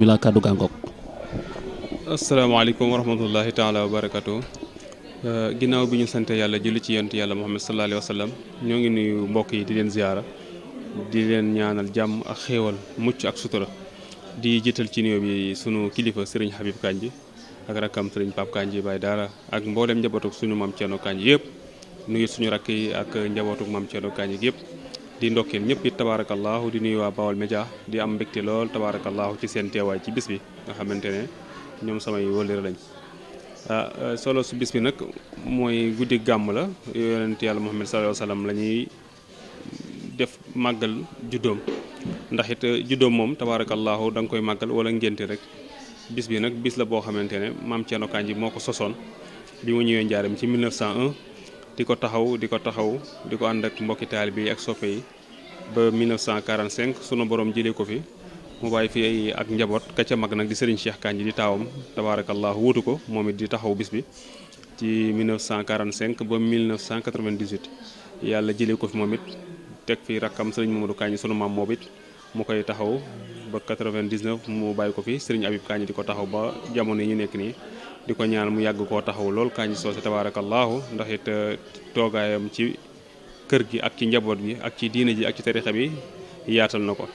bi laa kàddu gàngoog asalaamaaleykum wa rahmatullahi taala euh, ginnaaw bi ñu sante yàlla julli ci yonent yàlla muhammad sallallahu alayhi ñoo ngi nuyu mbokk yi di leen ziyaara di leen ñaanal jàmm ak xéewal mucc ak sutura di jiital ci nuyoo yi sunu kilifa sëriñ Habib Kandji ak rakkam sëriñ Pape Kandji Baye Daara ak mboolem njabootuk suñu maam Thierno Kandji yëpp nuyu suñu rakk yi ak njabootuk maam Thierno Kandji yëpp di ndokkeel ñëpp it tabaarakallaahu di nuyu waa Baol Média di am mbégte lool tabaarakallaahu ci seen teewaay ci bis bi nga xamante ne ñoom samay wëllëre lañ ah, ah solo su bis bi nag mooy guddi gàmm la yonent yàlla Muhammad sallallaahu alayhi wa sallam def màggal juddoom ndax it ah, juddoom moom tabaarakallaahu da nga koy màggal wala ngénte rek bis bi nag bis la boo xamante ne maam Thierno Kandji moo ko sosoon bi mu ñëwee njaaram ci 1901. di ko taxaw di ko taxaw di ko ànd ak mbokki taalibe yi ak soppe yi ba 1945 sunu borom jëlee ko fi mu bàyyi fi ak njaboot ka ca mag nag di Serigne Cheikh Kandji di taawam tabaarakallaahu wuutu ko moom it di taxaw bis bi ci 1945 ba 1998 yàlla jëlee ko fi moom it teg fi rakkam Serigne Mamadou Kandji sunu maam moom it mu koy taxaw ba 99 mu bàyyi ko fi Serigne Habib Kandji di ko taxaw ba jamono yi ñu nekk nii. di ko ñaan mu yàgg koo taxaw lool Kandji Socé tabaarakallaahu ndax it euh, toogaayam ci kër gi ak ci njaboot bi ak ci diine ji ak ci tarixa bi yaatal na ko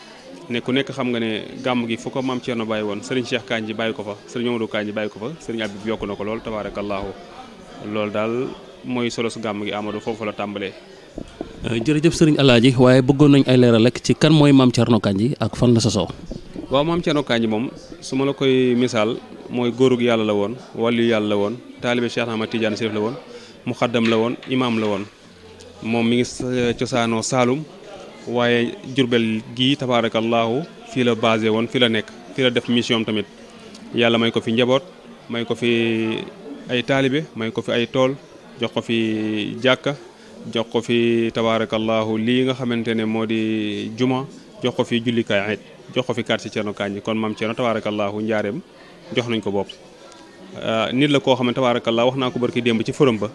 ne ku nekk xam nga ne gàmm gi fu ko maam Thierno bàyyi woon sëriñ Cheikh Kandji bàyyi ko fa sëriñ Mamadou Kandji ko fa sëriñ Abib yokku na ko lool tabaarakallaahu loolu daal mooy solo su gàmm gi Amadou foofu la tàmbalee. Euh, jërëjëf sëriñ Alaaji waaye bëggoon nañ ay leeral rek ci kan mooy maam Thierno Kandji ak fan la sosoo. waaw maam Thierno Kandji moom su ma la koy misaal mooy góorug yàlla la woon wàllu yàlla la woon taalibe Cheikh Ahmad Tidiane Chérif la woon muxaddam la woon imaam la woon moom mi ngi eh, cosaanoo Saalum waaye Jurbel gii tabaarakallaahu fii la basé woon fii la nekk fii la def mission tamit yàlla may ko fi njaboot may ko fi ay taalibe may ko fi ay tool jox ko fi jàkka jox ko fi tabaarakallaahu lii nga xamante ne moo di juma jox ko fi jullikaay jox ko fi quartier Cerno Kandji kon maam Cerno tabaarakallaahu jox nañ ko bopp euh, nit la koo xam ne tabaarakallaa wax naa ko barki démb ci forum ba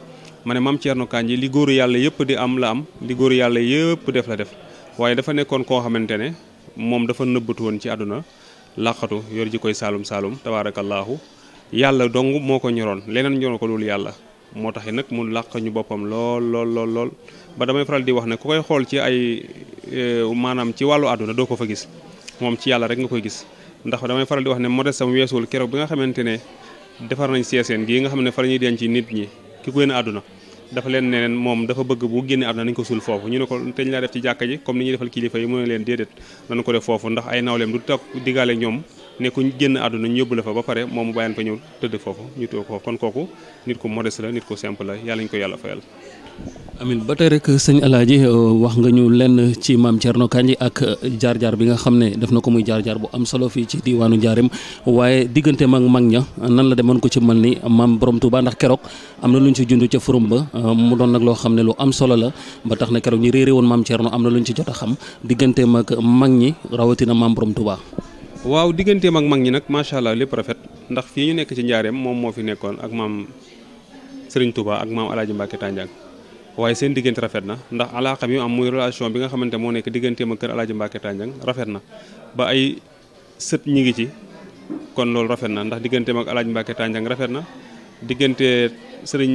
ma ne maam Thierno Kandji li góoru yàlla yëpp di am la am li góoru yàlla yëpp def la def waaye dafa nekkoon koo xamante ne moom dafa nëbbatu woon ci àdduna làqatu yor ji koy saalum saalum tabaarakallaahu yàlla dong moo ko ñoroon leneen ñoroon ko loolu yàlla moo tax taxi nag mu làq ñu boppam lool lool lool ba damay faral di wax ne ku koy xool ci ay euh, maanaam ci wàll àdduna doo ko fa gis moom ci yàlla rek nga koy gis ndax damay faral di wax ne modeste sam weesuwul keroog bi nga xamante ne defar nañ seeseen gi nga xam ne fa la ñuy denc nit ñi ki génn àdduna dafa leen ne moom dafa bëgg bu génne àdduna nañ ko suul foofu ñu ne ko teñ laa def ci jàkka ji comme ni ñuy defal kilifa yi mu ne leen déedéet nañu ko def foofu ndax ay nawleem du takk digaale ñoom ne ku génn àdduna ñu yóbbu la fa ba pare moom mu bàyyeen fa ñëw tëdd foofu ñu toog ko kon kooku nit ku modeste la nit ku simple la yàlla ñu ko yàlla fayal amin ba te rek sëñ Alaaji euh, wax nga ñu lenn ci maam Thierno Kandji ak euh, jaar-jaar bi nga xam ne def na ko muy jaar-jaar bu am solo fii ci diwaanu Njaareem waaye diggante mag mag ña nan la demoon ko ci mel ni maam borom Touba ndax keroog am na lu ñu ci junj ca forum ba euh, mu doon nag loo xam ne lu am solo la ba tax na keroog ñi réeré woon maam Thierno am na lu ñu ci jot a xam diggante mag mag ñi rawatina maam borom Touba. waaw digganteem ak mag ñi nag macha allah lépp rafet ndax fii ñu nekk ci Njaareem moom moo fi nekkoon ak maam Serigne Touba ak maam El Hadj Mbacke Tandiang waaye seen diggante rafet na ndax alaaka bi am muy relation bi nga xamante moo nekk digganteem ak kër Alaaji Mbàkke Tànjang rafet na ba ay sët ñi ngi ci kon loolu rafet na ndax digganteem ak Alaaji Mbàkke Tànjang rafet na diggante sëriñ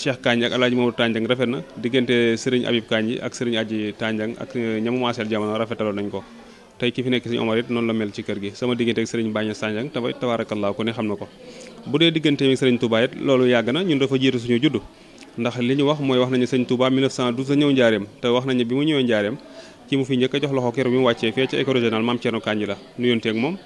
Cheikh Kandji ak Alaaji Mamadou Tànjang rafet na diggante sëriñ Abib Kandji ak sëriñ Aji Tànjang ak ñamu maaseel jamono rafetaloon nañ ko tey ki fi nekk sëriñ Omar it noonu la mel ci kër gi sama diggante ak sëriñ Baña Tànjang tabaarakallaa ko ne xam na ko bu dee digganteem ak sëriñ Tuubaa loolu yàgg na ñun dafa jiitu suñu juddu ndax li ñu wax mooy wax nañu sëñ Touba 1912 la ñëw njaareem te wax nañu bi mu ñëwee njaareem ci mu fi njëkk a jox loxo keroog bi mu wàccee fee ca école régionale maam Thierno Kandji la nuyonteeg moom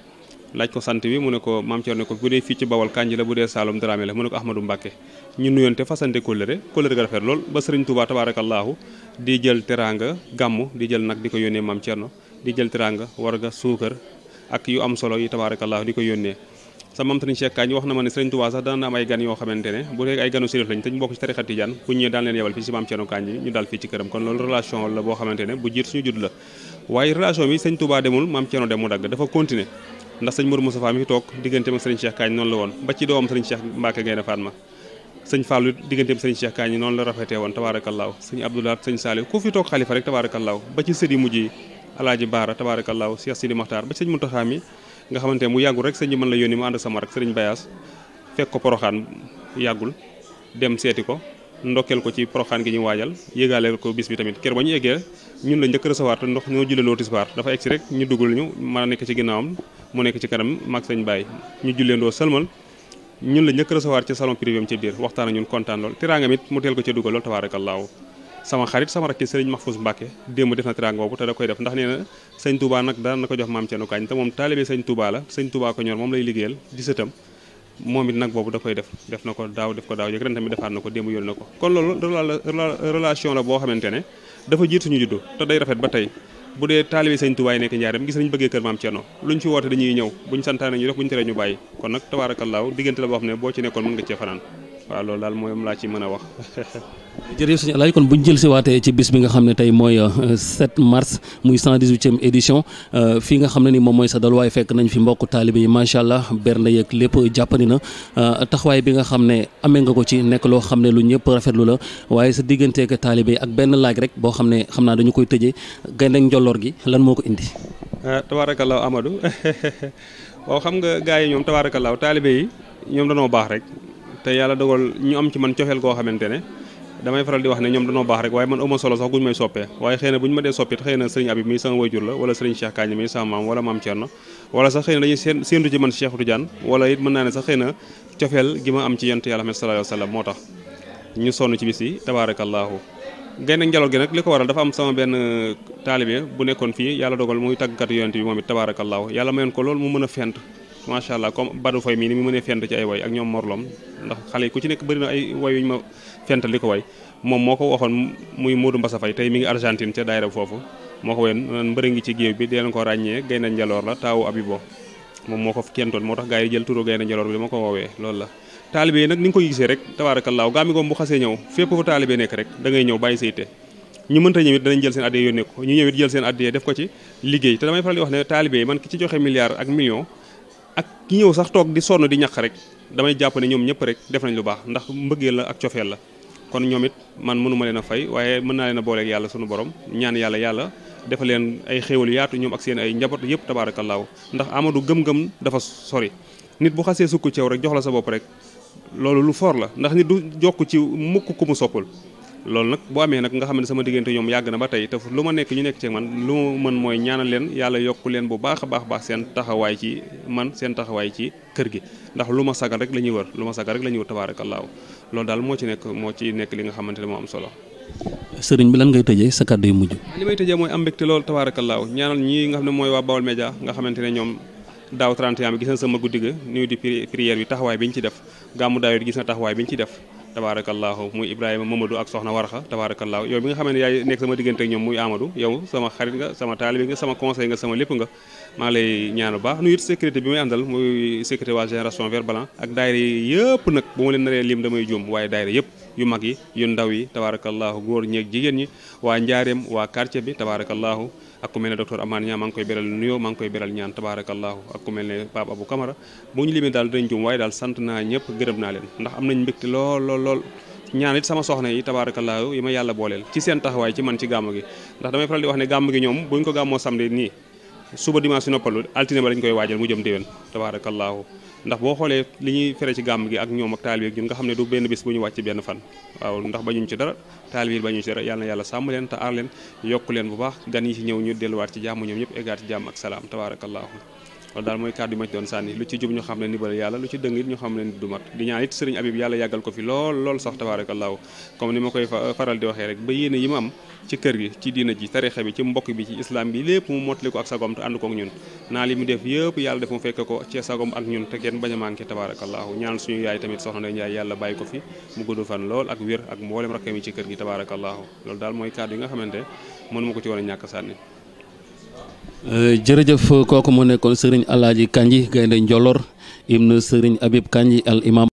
laaj ko sant bi mu ne ko maam Thierno ne ko bu dee fii ci Bawol Kandji la bu dee Saalum Dramé la mu ne ko Ahmadou Mbacke ñu nuyonte fasante kóllëre kóllëre ga rafet lool ba sëriñ Touba tabaarakallaahu di jël teranga gàmm di jël nag di ko yónnee maam Thierno di jël teranga warga suukar ak yu am solo yi tabaarakallaahu di ko yónnee sa maam sëriñ Cheikh Kañ wax na ma ne sëriñ Touba sax dana am ay gan yoo xamante ne bu dee ay ganu sérif lañ te ñu bokk ci tarixa Tijaan bu ñëwee daan leen yebal fii si maam Cerno Kañ ñu daal fii ci këram kon loolu relation la boo xamante ne bu jiit suñu judd la waaye relation bi sëriñ Touba demul maam Cerno dem mu dagg dafa continuer ndax sëñ Mourou Moustapha mi fi toog digganteem ak sëriñ Cheikh Kañ noonu la rafetee woon tabaarakallaahu sëñ Abdoulaye sëñ Saliou ku fi toog xalifa rek tabaarakallaahu ba ci nga xamante mu yàggul rek sëñ bi mën la yónni mu ànd sama rek sëriñ Bayaas fekk ko poroxaan yàggul dem seeti ko ndokkeel ko ci poroxaan gi ñu waajal yëgaaleel ko bis bi tamit kër ba ñu eggee ñun la njëkk recevoir te ndox ñoo julleeloo tisbaar dafa egg si rek ñu dugal ñu ma nekk ci ginnaawam mu nekk ci kanam mag sëñ baay ñu julleendoo sëlmal ñun la sa recevoir ci salon privé am ci biir waxtaan ak ñun kontaan lool teraanga mit mu teel ko ca sama xarit sama rakki sëriñ Mahfouz Mbacke démb def na teraanga boobu te da koy def ndax nee na sëñ nag daan na ko jox maam Thierno Kagne te moom taalibe sëñ Touba la sëñ Touba ko ñor moom lay liggéeyal di sëtam moom it nag boobu da koy def def na ko daaw def ko daaw yëg ren tamit defaat na ko démb yónni na ko kon loolu relation la boo xamante ne dafa jiit suñu juddu te day rafet ba tey bu dee taalibe sëñ Touba yi nekk njaaram gis nañ bëggee kër waaw loolu daal mooy laa ci mën a wax. jërëjëf kon bu ñu jël si waatee ci bis bi nga xam ne tey mooy 7 euh, mars muy 118e édition euh, fii nga xam ne ni moom mooy sa dalwaay fekk nañ fi mbokk taalibe yi macha allah bernde yeeg lépp jàppandi na euh, taxawaay bi nga xam ne amee nga ko ci nekk loo xam ne lu ñëpp rafetlu la waaye sa digganteeg taalibe yi ak benn laaj rek boo xam ne xam naa dañu koy tëjee gaynde njolloor gi lan moo ko indi. tabaarakallaahu Amadou waaw xam nga gars yi ñoom tabaarakallaahu taalibe yi ñoom danoo baax rek. te yàlla dogal ñu am ci man cofeel koo xamante ne damay faral di wax ne ñoom danoo baax rek waaye man ama solo sax guñu may soppee waaye xëy na bu ñu ma dee soppit xëy na sëriñ Abib mi sama wayjur la wala sëriñ Cheikh Kagne mi sama maam wala maam Thierno wala sax xëy na dañuy seen séentu ci man Cheikh Tidiane wala it mën naa ne sax xëy na cofeel gi ma am ci yent yàlla Muhammad sallallahu alayhi moo tax ñu sonn ci bis yi tabaarakallaahu gaynde njaloot gi nag li ko waral dafa am sama benn taalibe bu nekkoon fii yàlla dogal muy tàggkatu yonent bi moom it tabaarakallaahu yàlla mayoon ko loolu mu mën a macha allah comme Badou Foy mii ni mu mënee fent ci ay woy ak ñoom Morlom ndax xale ku ci nekk bëri ay woy ma fental di ko woy moom moo ko waxoon muy Modou Mbassa Faye tey mi ngi Argentine ca daayira foofu moo ko woyoon naan mbëri ngi ci géew bi dee leen taawu Abibo moom moo ko kentoon moo tax gaa yi jël turu gaynde njaloor bi dama ko woowee loolu la taalibe nag ni koy gisee rek tabaarakallaahu gaa mi goom bu ñëw fépp fa taalibe nekk rek da ngay ñëw bàyyi sayte ñu mënta ñëw it danañ jël seen addiyee yónnee ko ñu ñëw ak ki ñëw sax toog di sonn di ñaq rek damay jàpp ne ñoom ñëpp rek def nañ lu baax ndax mbëggeel la ak cofeel la kon ñoom it man mënuma leen a fay waaye mën naa leen a yàlla sunu borom ñaan yàlla yàlla defal leen ay xéewal yaatu ñoom ak seen ay njaboot yëpp tabaarakallaahu ndax amatu gëm-gëm dafa sori nit bu xasee sukku ceew rek jox la sa bopp rek loolu lu foor la ndax nit du jokk ci mukk ku mu soppul loolu nag boo amee nag nga xam ne sama diggante ñoom yàgg na ba tey te lu ma nekk ñu nekk ci man lu ma mën mooy ñaanal leen yàlla yokk leen bu baax a baax baax seen taxawaay ci man seen taxawaay ci kër gi ndax lu ma sagal rek la ñuy wër lu ma sagal rek la ñuy wër tabaarakallaahu loolu daal moo ci nekk moo ci nekk li nga xamante ne moo am solo sëriñ bi lan ngay tëjee sa kàddu yu mujj li may tëjee mooy am mbégte loolu tabaarakallaahu ñaanal ñi nga xam ne mooy waa Baol Média nga xamante ne ñoom daaw 31 bi gis na sama guddi ga nuyu di prière bi taxawaay bi ñu ci def gàmmu daaw it gis na taxawaay bi def tabaarakallaahu muy Ibrahima Mamadou ak soxna Warxa tabaarakallaahu yow mi nga xamee ne yaay nekk sama diggante ak ñoom muy Amadou yow sama xarit nga sama taalibe nga sama conseil nga sama lépp nga maa ngi lay ñaanu baax nuyu it sécurité bi may àndal muy sécurité waa génération vert blanc ak daayira yëpp nag bu ma leen naree lim damay juum waaye daayira yëpp yu mag yi yu ndaw yi tabaarakallaahu góor ñeeg jigéen ñi waa njaareem waa quartier bi tabaarakallaahu ak ku mel ne docteur Amane Niang maa koy beral nuyoo maa koy beral ñaan tabaarakallaahu ak ku mel ne Pape Abou Camara bu ñu limee daal dinañ waaye daal sant naa ñëpp gërëm naa leen ndax am nañ mbégte lool lool lool ñaan it sama soxna yi tabaarakallaahu yi ma yàlla booleel ci seen taxawaay ci man ci gàmm gi ndax damay faral di wax ne gàmm gi ñoom buñ ko gàmmoo suba dimanche noppalu altine ba lañ koy waajal mu jëm déwén tabaarakallaahu ndax boo xoolee li ñuy fere ci gàmm gi ak ñoom ak taalibe ñun nga xam ne du benn bis bu ñu wàcc benn fan waaw ndax bañuñ ci dara taalibe yi bañuñ ci dara yàlla na yàlla sàmm leen te aar leen yokku leen bu baax gan yi ci ñëw ñu delluwaat ci jàmm ñoom ñëpp eggaat ci jàmm ak salaam tabaarakallaahu loolu daal mooy kàddu yi ma ci doon sànni lu ci jub ñu xam ne ndimbal yàlla lu ci dëng it ñu xam ne du mat di ñaan it sëriñ Abib yàlla yàggal ko fi lool lool sax tabaarakallaahu comme ni ma koy euh, faral di waxee rek ba yéene yi ma am ci kër gi ci diina ji tarixa bi ci mbokk bi ci islam bi lépp mu mottali ko ak sagom te ànd ko ak ñun naa li mu def yëpp yàlla def mu fekk ko ci sagom ak ñun te kenn bañ a manqué tabaarakallaahu ñaan suñu yaay tamit soxna Ndey Njaay yàlla bàyyi ko fi mu gudd lool ak wér ak mboolem rakkam yi ci kër gi tabaarakallaahu loolu daal mooy kàddu yi nga xamante mënu ko ci woon ñàkk sànni Euh, jërëjëf kooku mu nekkoon sëriñ Alaaji Kanji Gaynde Njolor ibnu sëriñ Habib Kanji al imam